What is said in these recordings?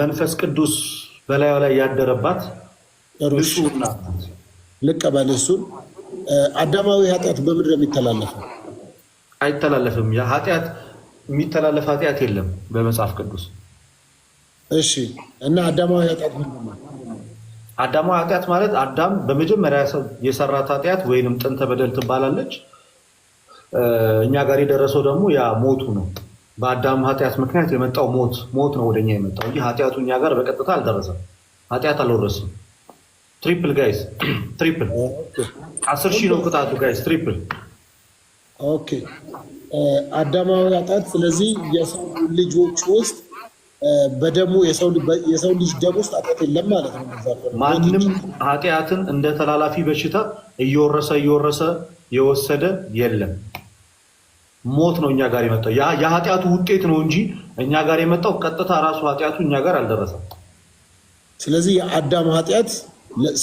መንፈስ ቅዱስ በላዩ ላይ ያደረባት ሩና ልቀበል። እሱን አዳማዊ ኃጢአት በምድር የሚተላለፈው አይተላለፍም። ኃጢአት የሚተላለፍ ኃጢአት የለም በመጽሐፍ ቅዱስ። እሺ እና አዳማዊ ኃጢአት አዳማዊ ኃጢአት ማለት አዳም በመጀመሪያ የሰራት ኃጢአት ወይንም ጥንተ በደል ትባላለች። እኛ ጋር የደረሰው ደግሞ ያ ሞቱ ነው። በአዳም ኃጢአት ምክንያት የመጣው ሞት ሞት ነው ወደኛ የመጣው እንጂ ኃጢአቱ እኛ ጋር በቀጥታ አልደረሰም። ኃጢአት አልወረስም። ትሪፕል ጋይስ፣ ትሪፕል አስር ሺህ ነው ቅጣቱ ጋይስ፣ ትሪፕል ኦኬ። አዳማዊ ኃጢአት ስለዚህ የሰው ልጆች ውስጥ በደሙ የሰው ልጅ ደም ውስጥ ኃጢአት የለም ማለት ነው። ማንም ኃጢአትን እንደ ተላላፊ በሽታ እየወረሰ እየወረሰ የወሰደ የለም። ሞት ነው እኛ ጋር የመጣው። የኃጢአቱ ውጤት ነው እንጂ እኛ ጋር የመጣው ቀጥታ ራሱ ኃጢአቱ እኛ ጋር አልደረሰም። ስለዚህ የአዳም ኃጢአት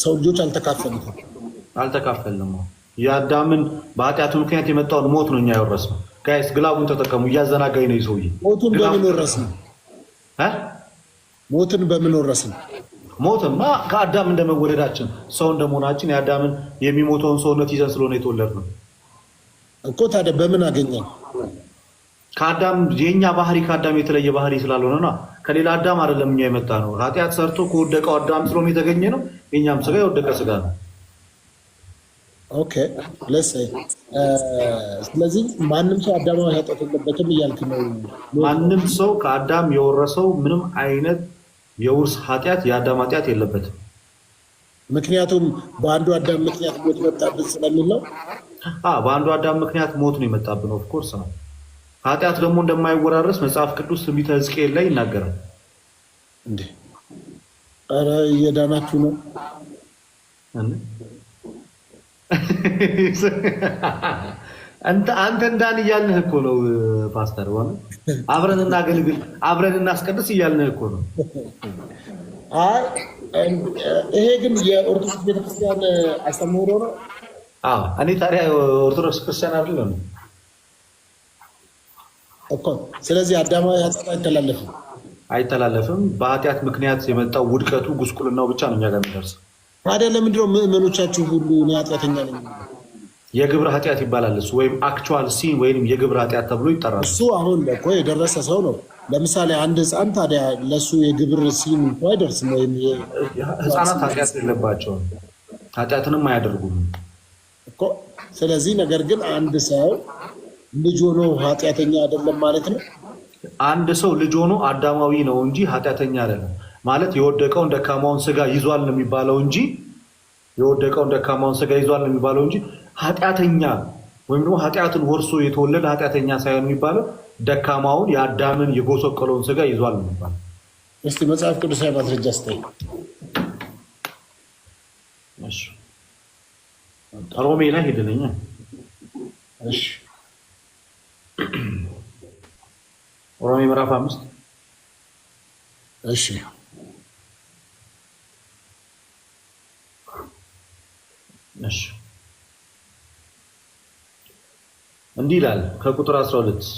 ሰው ልጆች አልተካፈሉትም፣ አልተካፈልም። የአዳምን በኃጢአቱ ምክንያት የመጣውን ሞት ነው እኛ የወረስነው። ጋይስ ግላቡን ተጠቀሙ። እያዘናጋኝ ነው የሰውዬ። ሞቱን በምን ወረስነው? ሞትን በምን ወረስነው? ሞትማ ከአዳም እንደመወለዳችን ሰው እንደመሆናችን የአዳምን የሚሞተውን ሰውነት ይዘን ስለሆነ የተወለድነው እኮ ታዲያ በምን አገኘ? ከአዳም የኛ ባህሪ ከአዳም የተለየ ባህሪ ስላልሆነ ነው። ከሌላ አዳም አይደለም እኛ የመጣ ነው። ኃጢአት ሰርቶ ከወደቀው አዳም ስለሆነ የተገኘ ነው። የኛም ስጋ የወደቀ ስጋ ነው። ኦኬ ለስ ስለዚህ ማንም ሰው አዳማ ያጠት የለበትም እያልክ ነው። ማንም ሰው ከአዳም የወረሰው ምንም አይነት የውርስ ኃጢአት የአዳም ኃጢአት የለበትም። ምክንያቱም በአንዱ አዳም ምክንያት ሞት መጣብን ስለሚል ነው። በአንዱ አዳም ምክንያት ሞት ነው የመጣብን። ኦፍኮርስ ነው። ኃጢአት ደግሞ እንደማይወራረስ መጽሐፍ ቅዱስ ትንቢተ ሕዝቅኤል ላይ ይናገራል። እንዴ ኧረ እየዳናችሁ ነው። አንተ እንዳን እያልንህ እኮ ነው ፓስተር ሆነ አብረን እናገልግል፣ አብረን እናስቀድስ እያልንህ እኮ ነው። ይሄ ግን የኦርቶዶክስ ቤተክርስቲያን አስተምህሮ ነው። እኔ ታዲያ ኦርቶዶክስ ክርስቲያን አይደለም እኮ። ስለዚህ አዳማዊ ሀሳብ አይተላለፍም አይተላለፍም። በኃጢአት ምክንያት የመጣው ውድቀቱ ጉስቁልናው ብቻ ነው እኛ ጋር የሚደርሰው። ታዲያ ለምንድነው ምዕመኖቻችሁ ሁሉ እኔ ኃጢአተኛ ነኝ? የግብር ኃጢአት ይባላል እሱ ወይም አክቹዋል ሲን ወይም የግብር ኃጢአት ተብሎ ይጠራል። እሱ አሁን እኮ የደረሰ ሰው ነው። ለምሳሌ አንድ ህፃን ታዲያ ለእሱ የግብር ሲን አይደርስም። ወይም ህፃናት ኃጢአት የለባቸውም ኃጢአትንም አያደርጉም። ስለዚህ ነገር ግን አንድ ሰው ልጅ ሆኖ ኃጢአተኛ አይደለም ማለት ነው። አንድ ሰው ልጅ ሆኖ አዳማዊ ነው እንጂ ኃጢአተኛ አይደለም ማለት የወደቀውን ደካማውን ስጋ ይዟል ነው የሚባለው እንጂ የወደቀውን ደካማውን ስጋ ይዟል ነው የሚባለው እንጂ ኃጢአተኛ ወይም ደግሞ ኃጢአትን ወርሶ የተወለደ ኃጢአተኛ ሳይሆን የሚባለው ደካማውን የአዳምን የጎሰቀለውን ስጋ ይዟል ነው የሚባለው። እስቲ መጽሐፍ ቅዱሳዊ ማስረጃ ስጠኝ። ሮሜ ላይ ሄደለኛ። እሺ ሮሜ ምዕራፍ አምስት እሺ እሺ እንዲህ ይላል ከቁጥር 12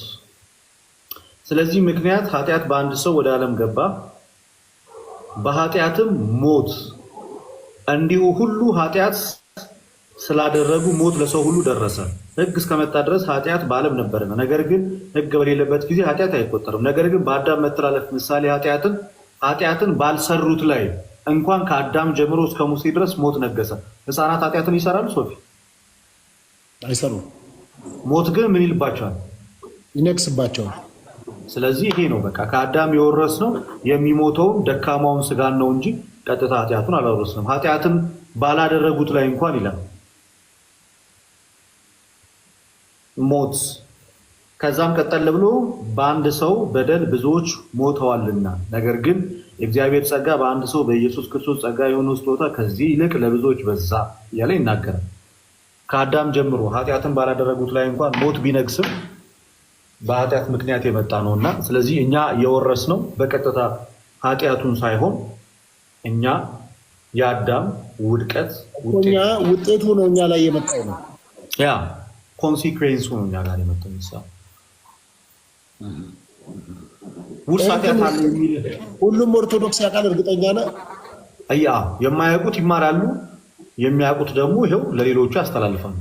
ስለዚህ ምክንያት ኃጢአት በአንድ ሰው ወደ ዓለም ገባ፣ በኃጢአትም ሞት፣ እንዲሁ ሁሉ ኃጢአት ስላደረጉ ሞት ለሰው ሁሉ ደረሰ። ህግ እስከመጣ ድረስ ኃጢአት በዓለም ነበርና፣ ነገር ግን ህግ በሌለበት ጊዜ ኃጢአት አይቆጠርም። ነገር ግን በአዳም መተላለፍ ምሳሌ ኃጢአትን ኃጢአትን ባልሰሩት ላይ እንኳን ከአዳም ጀምሮ እስከ ሙሴ ድረስ ሞት ነገሰ። ህፃናት ኃጢአትን ይሰራሉ? ሶፊ አይሰሩ። ሞት ግን ምን ይልባቸዋል? ይነግስባቸዋል። ስለዚህ ይሄ ነው በቃ ከአዳም የወረስ ነው የሚሞተውን ደካማውን ስጋን ነው እንጂ ቀጥታ ኃጢአቱን አላወረስንም። ኃጢአትን ባላደረጉት ላይ እንኳን ይላል ሞት ከዛም ቀጠል ብሎ በአንድ ሰው በደል ብዙዎች ሞተዋልና፣ ነገር ግን የእግዚአብሔር ጸጋ በአንድ ሰው በኢየሱስ ክርስቶስ ጸጋ የሆነው ስጦታ ከዚህ ይልቅ ለብዙዎች በዛ እያለ ይናገራል። ከአዳም ጀምሮ ኃጢአትን ባላደረጉት ላይ እንኳን ሞት ቢነግስም በኃጢአት ምክንያት የመጣ ነው እና ስለዚህ እኛ የወረስ ነው በቀጥታ ኃጢአቱን ሳይሆን እኛ የአዳም ውድቀት ውጤቱ ነው እኛ ላይ የመጣው ነው ያ ኮንሲኩዌንሱ ነው እኛ ጋር የመጣው ምሳሌ ውርሳት ያታለ የሚል ሁሉም ኦርቶዶክስ ያውቃል። እርግጠኛ ነህ? አያ የማያውቁት ይማራሉ፣ የሚያውቁት ደግሞ ይሄው ለሌሎቹ ያስተላልፋሉ።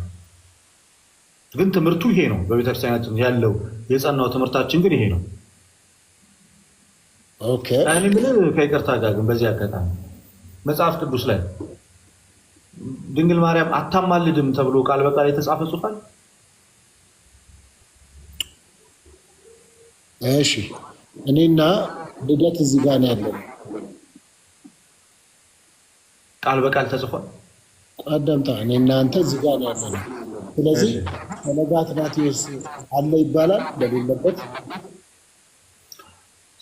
ግን ትምህርቱ ይሄ ነው። በቤተክርስቲያናችን ያለው የጸናው ትምህርታችን ግን ይሄ ነው። ኦኬ እኔ የምልህ ከይቅርታ ጋር ግን በዚህ አጋጣሚ መጽሐፍ ቅዱስ ላይ ድንግል ማርያም አታማልድም ተብሎ ቃል በቃል የተጻፈ ጽፋል። እሺ እኔና ልደት እዚህ ጋር ነው ያለው። ቃል በቃል ተጽፏል። አዳምጣ። እኔና አንተ እዚህ ጋር ነው ያለው። ስለዚህ ፈለገ አትናቴዎስ አለ ይባላል በሌለበት።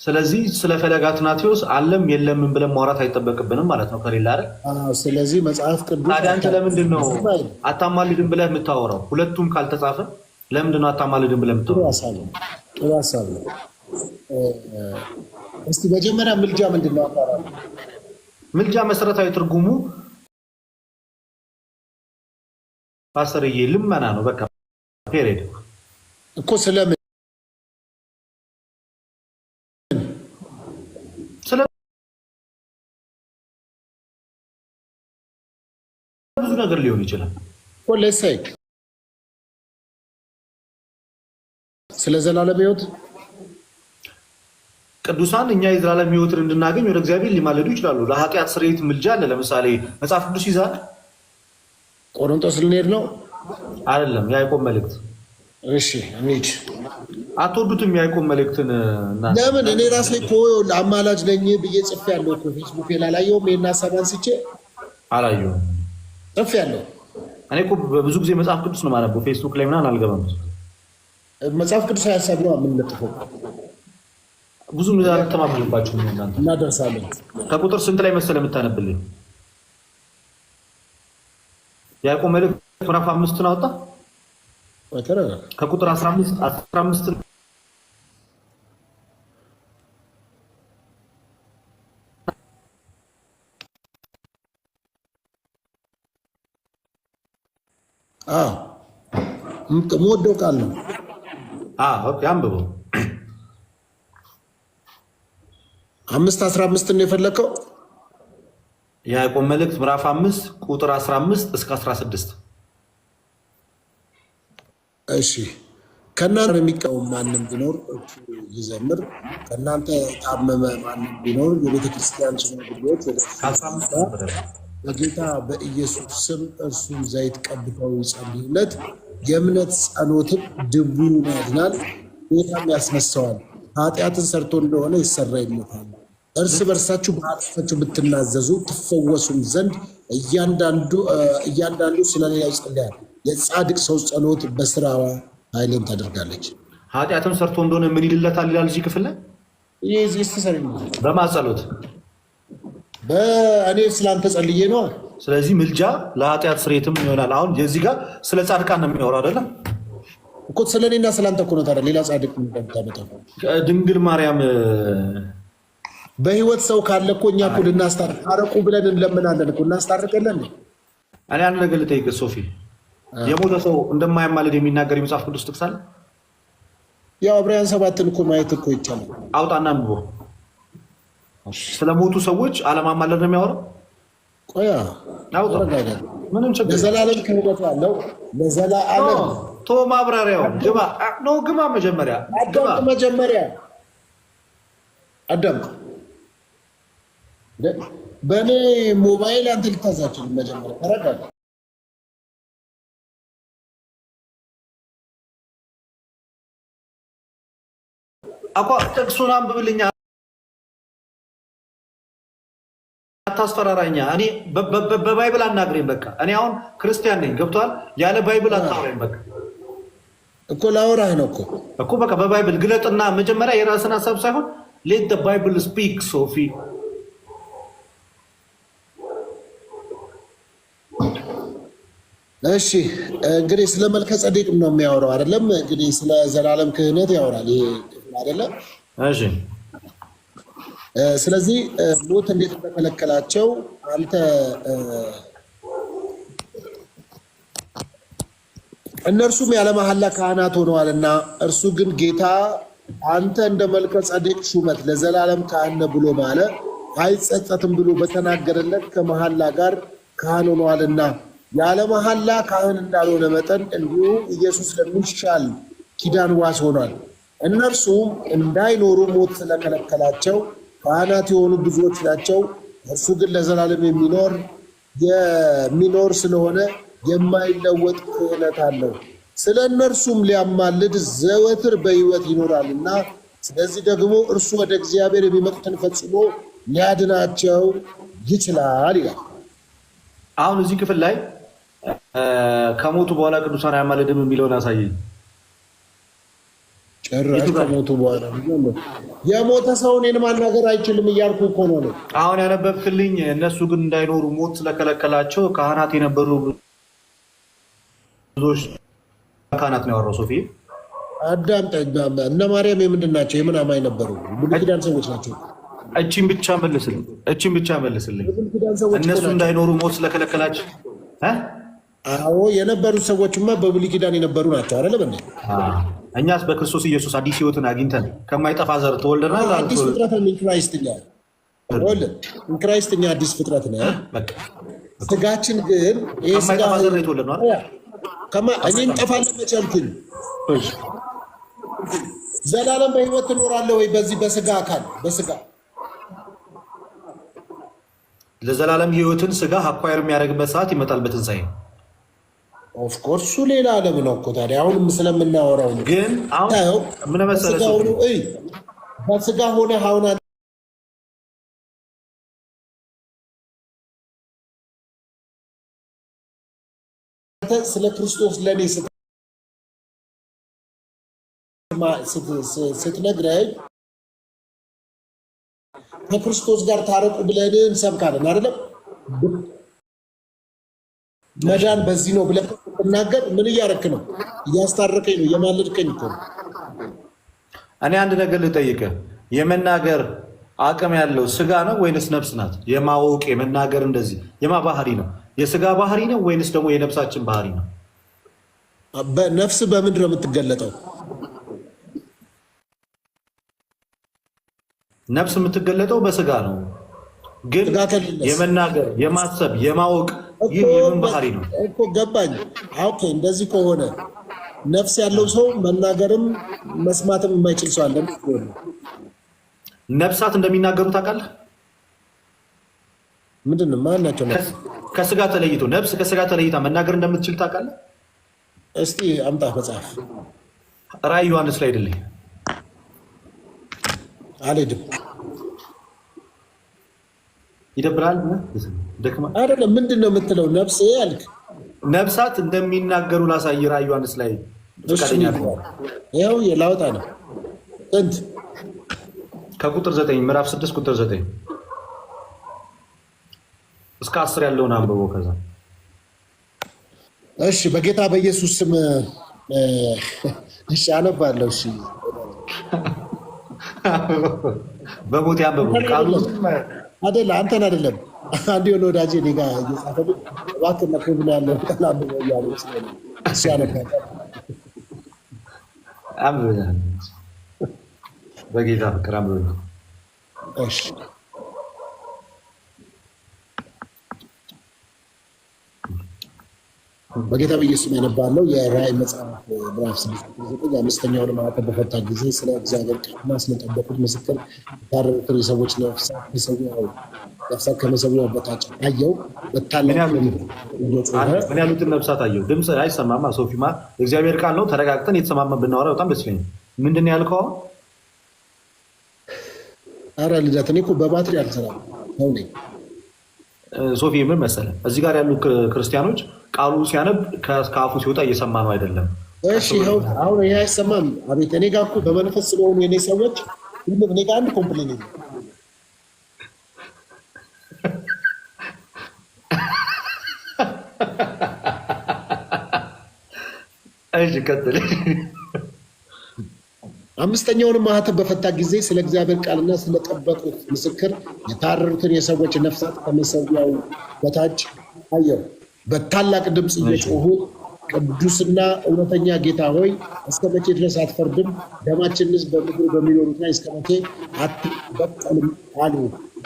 ስለዚህ ስለ ፈለገ አትናቴዎስ አለም የለምን ብለን ማውራት አይጠበቅብንም ማለት ነው ከሌላ አይደል? ስለዚህ መጽሐፍ ቅዱስ ታዲያ አንተ ለምንድን ነው አታማልድን ብለህ የምታወራው? ሁለቱም ካልተጻፈ ለምንድን ነው አታማልድን ብለህ የምታወራው? ጥሩ ሀሳብ ነው። እስቲ መጀመሪያ ምልጃ ምንድን ነው? ምልጃ መሰረታዊ ትርጉሙ ፓስተርዬ ልመና ነው። በቃ ፔሬድ እኮ ስለምን ብዙ ነገር ሊሆን ይችላል። ለሳይ ስለ ዘላለም ህይወት ቅዱሳን እኛ የዘላለም ህይወትን እንድናገኝ ወደ እግዚአብሔር ሊማለዱ ይችላሉ። ለኃጢአት ስርየት ምልጃ አለ። ለምሳሌ መጽሐፍ ቅዱስ ይዛል። ቆሮንጦስ ልንሄድ ነው አይደለም? የያዕቆብ መልእክት። እሺ እንሂድ። አትወዱትም የያዕቆብ መልእክትን ለምን? እኔ ራሴ እኮ አማላጅ ነኝ ብዬ ጽፌያለሁ እኮ ፌስቡክ ላላየውም። ይሄን ሀሳብ አንስቼ አላየሁም፣ ያለው እኔ እኮ በብዙ ጊዜ መጽሐፍ ቅዱስ ነው የማነበው። ፌስቡክ ላይ ምናምን አልገባም። መጽሐፍ ቅዱሳዊ ሀሳብ ነው የምንለጥፈው። ብዙ አልተማመንባችሁ እናደርሳለን። ከቁጥር ስንት ላይ መሰለ የምታነብልኝ? ያዕቆብ መልእክት ምዕራፍ አምስትን አወጣ ከቁጥር አስራ አምስት የምወደው ቃል ነው። ኦኬ፣ አንብቡ። አምስት አስራ አምስት ነው የፈለግከው? የያዕቆብ መልእክት ምዕራፍ አምስት ቁጥር አስራ አምስት እስከ አስራ ስድስት እሺ ከእናንተ የሚቃወም ማንም ቢኖር እሱ ይዘምር። ከእናንተ የታመመ ማንም ቢኖር የቤተ ክርስቲያን ሽማግሌዎች በጌታ በኢየሱስ ስም እርሱን ዘይት ቀብተው ይጸልይለት። የእምነት ጸሎትን ድውዩን ያድናል፣ ጌታም ያስነሳዋል። ኃጢአትን ሰርቶ እንደሆነ ይሰረይለታል። እርስ በርሳችሁ በኃጢአታችሁ ብትናዘዙ ትፈወሱም ዘንድ እያንዳንዱ ስለሌላ ይጸልያል። የጻድቅ ሰው ጸሎት በስራዋ ኃይልን ታደርጋለች። ኃጢአትን ሰርቶ እንደሆነ ምን ይልለታል ይላል እዚህ ክፍል ላይ ይህ በማጸሎት በእኔ ስላንተ ጸልዬ ነው። ስለዚህ ምልጃ ለኃጢአት ስሬትም ይሆናል። አሁን የዚህ ጋር ስለ ጻድቃን ነው የሚያወራው አይደለም እኮ ስለ እኔና ስለ አንተ እኮ ነው። ታዲያ ሌላ ጻድቅ ድንግል ማርያም በህይወት ሰው ካለ እኮ እኛ እኮ ልናስታርቅ አረቁ ብለን እንለምናለን እኮ እናስታርቀለን። እኔ አንድ ነገር ልጠይቅህ ሶፊ፣ የሞተ ሰው እንደማያማልድ የሚናገር የመጽሐፍ ቅዱስ ጥቅስ አለ። ያው ዕብራውያን ሰባትን እኮ ማየት እኮ ይቻላል። አውጣና አንብቦ ስለሞቱ ሰዎች አለማማለድ ነው የሚያወራው። ምንም ችግር ለዘላለም ክህነት ቶ ማብራሪያው ግባ ነው ግባ። መጀመሪያ አዳምጥ፣ መጀመሪያ አዳምጥ። በእኔ ሞባይል አንተ ልታዛችል መጀመሪያ ተረጋጋ። አኳ ጥቅሱን አንብብልኛ አታስፈራራኛ። እኔ በባይብል አናግረኝ በቃ። እኔ አሁን ክርስቲያን ነኝ፣ ገብቷል። ያለ ባይብል አታውራኝ በቃ። እኮ ላውራህ ነው እኮ እኮ በቃ በባይብል ግለጥና መጀመሪያ የራስን ሀሳብ ሳይሆን ሌት ባይብል ስፒክ ሶፊ እሺ እንግዲህ ስለ መልከ ጸዴቅ ነው የሚያወራው አይደለም? እንግዲህ ስለ ዘላለም ክህነት ያወራል ይሄ አይደለም? እሺ ስለዚህ ሎጥ እንዴት እንደከለከላቸው አንተ እነርሱም ያለ መሐላ ካህናት ሆነዋልና እርሱ ግን ጌታ አንተ እንደ መልከ ጸዴቅ ሹመት ለዘላለም ካህን ብሎ ማለ አይጸጸትም ብሎ በተናገረለት ከመሐላ ጋር ካህን ሆነዋልና ያለ መሐላ ካህን እንዳልሆነ መጠን እንዲሁ ኢየሱስ ለሚሻል ኪዳን ዋስ ሆኗል። እነርሱም እንዳይኖሩ ሞት ስለከለከላቸው ካህናት የሆኑ ብዙዎች ናቸው። እርሱ ግን ለዘላለም የሚኖር የሚኖር ስለሆነ የማይለወጥ ክህነት አለው። ስለ እነርሱም ሊያማልድ ዘወትር በሕይወት ይኖራልና፣ ስለዚህ ደግሞ እርሱ ወደ እግዚአብሔር የሚመጡትን ፈጽሞ ሊያድናቸው ይችላል ይላል። አሁን እዚህ ክፍል ላይ ከሞቱ በኋላ ቅዱሳን አያማልድም የሚለውን አሳየኝ። ጭራሽ ከሞቱ በኋላ የሞተ ሰው እኔን ማናገር አይችልም እያልኩ እኮ ነው። አሁን ያነበብክልኝ እነሱ ግን እንዳይኖሩ ሞት ስለከለከላቸው ካህናት የነበሩ ብዙዎች ካህናት ነው ያወራው። ሶፊ አዳምጠኝ። እነ ማርያም የምንድን ናቸው? የምን አማኝ ነበሩ? ብሉይ ኪዳን ሰዎች ናቸው። እቺን ብቻ መልስልኝ፣ እቺን ብቻ መልስልኝ። እነሱ እንዳይኖሩ ሞት ስለከለከላቸው አዎ የነበሩት ሰዎችማ በብሉይ ኪዳን የነበሩ ናቸው። አለ በ እኛስ በክርስቶስ ኢየሱስ አዲስ ህይወትን አግኝተን ከማይጠፋ ዘር ተወልደናል። አዲስ ፍጥረት ኢንክራይስት እኛ ኢንክራይስት እኛ አዲስ ፍጥረት ነው። ስጋችን ግን ከማይጠፋ ዘር የተወለድ እኔ እንጠፋለን መቸልኩኝ ዘላለም በህይወት ትኖራለህ ወይ? በዚህ በስጋ አካል በስጋ ለዘላለም ህይወትን ስጋ አኳየር የሚያደርግበት ሰዓት ይመጣል በትንሣኤ ኦፍኮርሱ ሌላ አለም ነው እኮ ታዲያ አሁንም ስለምናወራው ግን በስጋ ሆነ አሁን ስለ ክርስቶስ ለእኔ ስትነግረኝ ከክርስቶስ ጋር ታረቁ ብለን እንሰብካለን አይደለም? መዳን በዚህ ነው ብለን ስትናገር ምን እያረክ ነው? እያስታረቀኝ ነው፣ እየማለድከኝ እኮ ነው። እኔ አንድ ነገር ልጠይቀ የመናገር አቅም ያለው ስጋ ነው ወይንስ ነፍስ ናት? የማወቅ የመናገር እንደዚህ የማ ባህሪ ነው? የስጋ ባህሪ ነው ወይንስ ደግሞ የነፍሳችን ባህሪ ነው? ነፍስ በምንድን ነው የምትገለጠው? ነፍስ የምትገለጠው በስጋ ነው። ግን የመናገር የማሰብ የማወቅ ይህ የምን ባህሪ ነው እኮ ገባኝ። ኦኬ እንደዚህ ከሆነ ነፍስ ያለው ሰው መናገርም መስማትም የማይችል ሰው አለ። ነፍሳት እንደሚናገሩ ታውቃለህ? ምንድን ነው ማን ናቸው? ከስጋ ተለይቶ ነፍስ ከስጋ ተለይታ መናገር እንደምትችል ታውቃለህ? እስቲ አምጣ መጽሐፍ። ራዕይ ዮሐንስ ላይ አይደለኝ አልሄድም ይደብራል። አይደለም ምንድን ነው የምትለው? ነብስ አልክ። ነብሳት እንደሚናገሩ ላሳይ። ራ ዮሐንስ ላይ ይኸው ላወጣ ነው። ጥንት ከቁጥር ዘጠኝ ምዕራፍ ስድስት ቁጥር ዘጠኝ እስከ አስር ያለውን አንብቦ ከዛ እሺ፣ በጌታ በኢየሱስ ስም እሺ፣ አነባለሁ። እሺ በሞቴ አንብቦ ቃሉ አደለ አንተን አደለም አንድ የሆነ ወዳጅ እኔ ጋር እየጻፈልኝ እባክህ እነ ያለው እሱ በጌታ ፍቅር እሺ በጌታ በኢየሱስም ያነባለው የራእይ መጽሐፍ ምዕራፍ ስድስት ዘጠኝ አምስተኛውን ማዕተብ በፈታ ጊዜ ስለ እግዚአብሔር ቃልና ስለጠበቁት ምስክር የታረዱትን የሰዎች ነፍሳት ከመሰዊያው በታች አየው። ምን ያሉትን ነፍሳት አየው? ድምፅ አይሰማማ። ሶፊማ እግዚአብሔር ቃል ነው። ተረጋግጠን የተሰማመን ብናወራ በጣም ደስ ይለኛል። ምንድን ያልከው? አረ ልደት፣ እኔ እኮ በባትሪ አልሰራም ሰው ነኝ። ሶፊ ምን መሰለ እዚህ ጋር ያሉ ክርስቲያኖች ቃሉ ሲያነብ ከአፉ ሲወጣ እየሰማ ነው አይደለም። አሁን ይህ አይሰማም። አቤት እኔ ጋር በመንፈስ ስለሆኑ የኔ ሰዎች ሁሉም እኔ ጋር አንድ ኮምፕሌን እሺ፣ ቀጥል አምስተኛውንም ማህተም በፈታ ጊዜ ስለ እግዚአብሔር ቃልና ስለጠበቁት ምስክር የታረሩትን የሰዎች ነፍሳት ከመሰዊያው በታች አየሁ። በታላቅ ድምፅ እየጮሁ ቅዱስና እውነተኛ ጌታ ሆይ እስከ መቼ ድረስ አትፈርድም? ደማችንስ በምድር በሚኖሩት ላይ እስከ መቼ አትበቀልም? አሉ።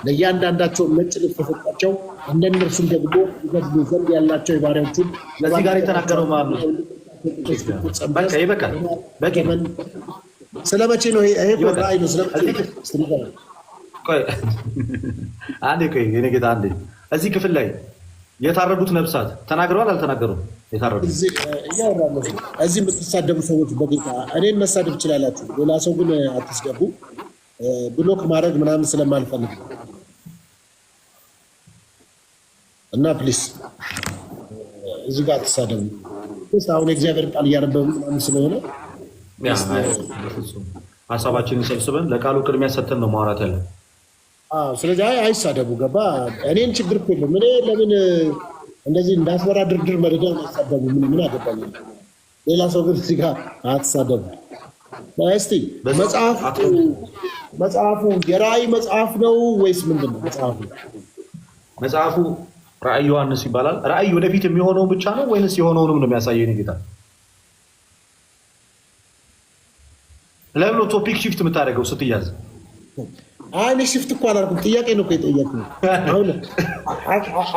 ለእያንዳንዳቸው ነጭ ልብስ ተሰጣቸው። እንደነርሱም ደግሞ ይገድሉ ዘንድ ያላቸው የባሪያዎቹን ለዚህ ጋር የተናገረው ማለት ነው። ይበቃል። ስለመቼ ነው ይሄ ራእይ ነው? አንዴ ቆይ የእኔ ጌታ አንዴ። እዚህ ክፍል ላይ የታረዱት ነብሳት ተናግረዋል አልተናገሩም? የታረዱት እዚህ የምትሳደቡ ሰዎች በጌታ እኔን መሳደብ ትችላላችሁ፣ ሌላ ሰው ግን አትስገቡ። ብሎክ ማድረግ ምናምን ስለማልፈልግ እና ፕሊስ እዚህ ጋር አትሳደቡ። አሁን የእግዚአብሔር ቃል እያነበቡ ምናምን ስለሆነ ሀሳባችንን ሰብስበን ለቃሉ ቅድሚያ ሰተን ነው ማውራት ያለ። ስለዚህ አይሳደቡ ገባ። እኔን ችግር የለም። እኔ ለምን እንደዚህ እንዳስበራ ድርድር መደዳ አይሳደቡ ምን ምን አገባኝ? ሌላ ሰው ግን እዚህ ጋር አትሳደቡ። እስቲ መጽሐፉ የራእይ መጽሐፍ ነው ወይስ ምንድን ነው መጽሐፉ? መጽሐፉ ራእይ ዮሐንስ ይባላል። ራእይ ወደፊት የሚሆነውን ብቻ ነው ወይንስ የሆነውንም ነው የሚያሳየን ጌታ ለምን ቶፒክ ሽፍት የምታደርገው ስትያዝ? አይ ሽፍት እኮ አላልኩም። ጥያቄ ነው የጠየኩህ።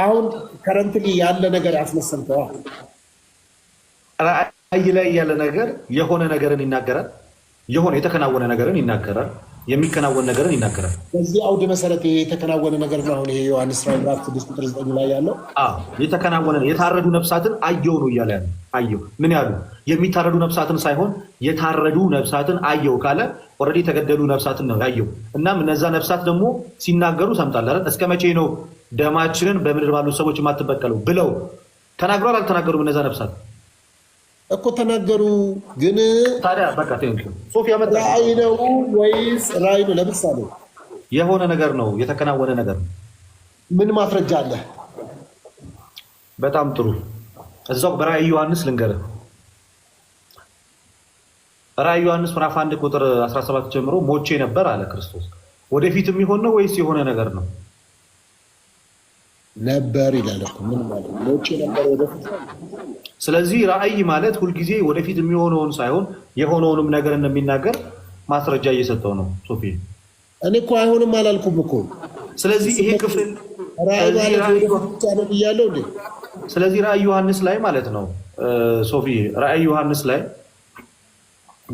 አሁን ከረንትሊ ያለ ነገር አስመሰልከዋ። ራእይ ላይ ያለ ነገር የሆነ ነገርን ይናገራል። የሆነ የተከናወነ ነገርን ይናገራል። የሚከናወን ነገርን ይናገራል። በዚህ አውድ መሰረት የተከናወነ ነገር ነው። አሁን ይሄ ዮሐንስ ራዕይ ምዕራፍ ስድስት ቁጥር ዘጠኝ ላይ ያለው የተከናወነ የታረዱ ነፍሳትን አየው ነው እያለ ያለ አየው። ምን ያሉ የሚታረዱ ነፍሳትን ሳይሆን የታረዱ ነፍሳትን አየው ካለ ኦልሬዲ የተገደሉ ነፍሳትን ነው ያየው። እናም እነዛ ነፍሳት ደግሞ ሲናገሩ ሰምታላለን። እስከ መቼ ነው ደማችንን በምድር ባሉ ሰዎች የማትበቀለው ብለው ተናግሯል። አልተናገሩም? እነዛ ነፍሳት እኮ ተናገሩ። ግን ራእይ ነው ወይስ ራእይ ነው? ለምሳሌ የሆነ ነገር ነው የተከናወነ ነገር ነው። ምን ማስረጃ አለ? በጣም ጥሩ። እዛው በራእይ ዮሐንስ ልንገርህ። ራእይ ዮሐንስ ምዕራፍ አንድ ቁጥር 17 ጀምሮ ሞቼ ነበር አለ ክርስቶስ። ወደፊት የሚሆን ነው ወይስ የሆነ ነገር ነው? ነበር ይላል እኮ ምን ማለት ነው? ለውጭ ነበር ወደፊት። ስለዚህ ራእይ ማለት ሁልጊዜ ወደፊት የሚሆነውን ሳይሆን የሆነውንም ነገር እንደሚናገር ማስረጃ እየሰጠው ነው። ሶፊ እኔ እኮ አይሆንም አላልኩም እኮ። ስለዚህ ይሄ ክፍል ራዕይ ማለት ስለዚህ ራእይ ዮሐንስ ላይ ማለት ነው ሶፊ፣ ራእይ ዮሐንስ ላይ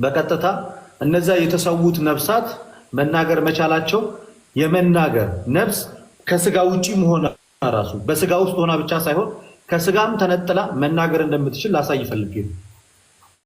በቀጥታ እነዛ የተሰዉት ነፍሳት መናገር መቻላቸው የመናገር ነፍስ ከስጋ ውጪ መሆን ራሱ በስጋ ውስጥ ሆና ብቻ ሳይሆን ከስጋም ተነጥላ መናገር እንደምትችል ላሳይ ፈልጌ ነው።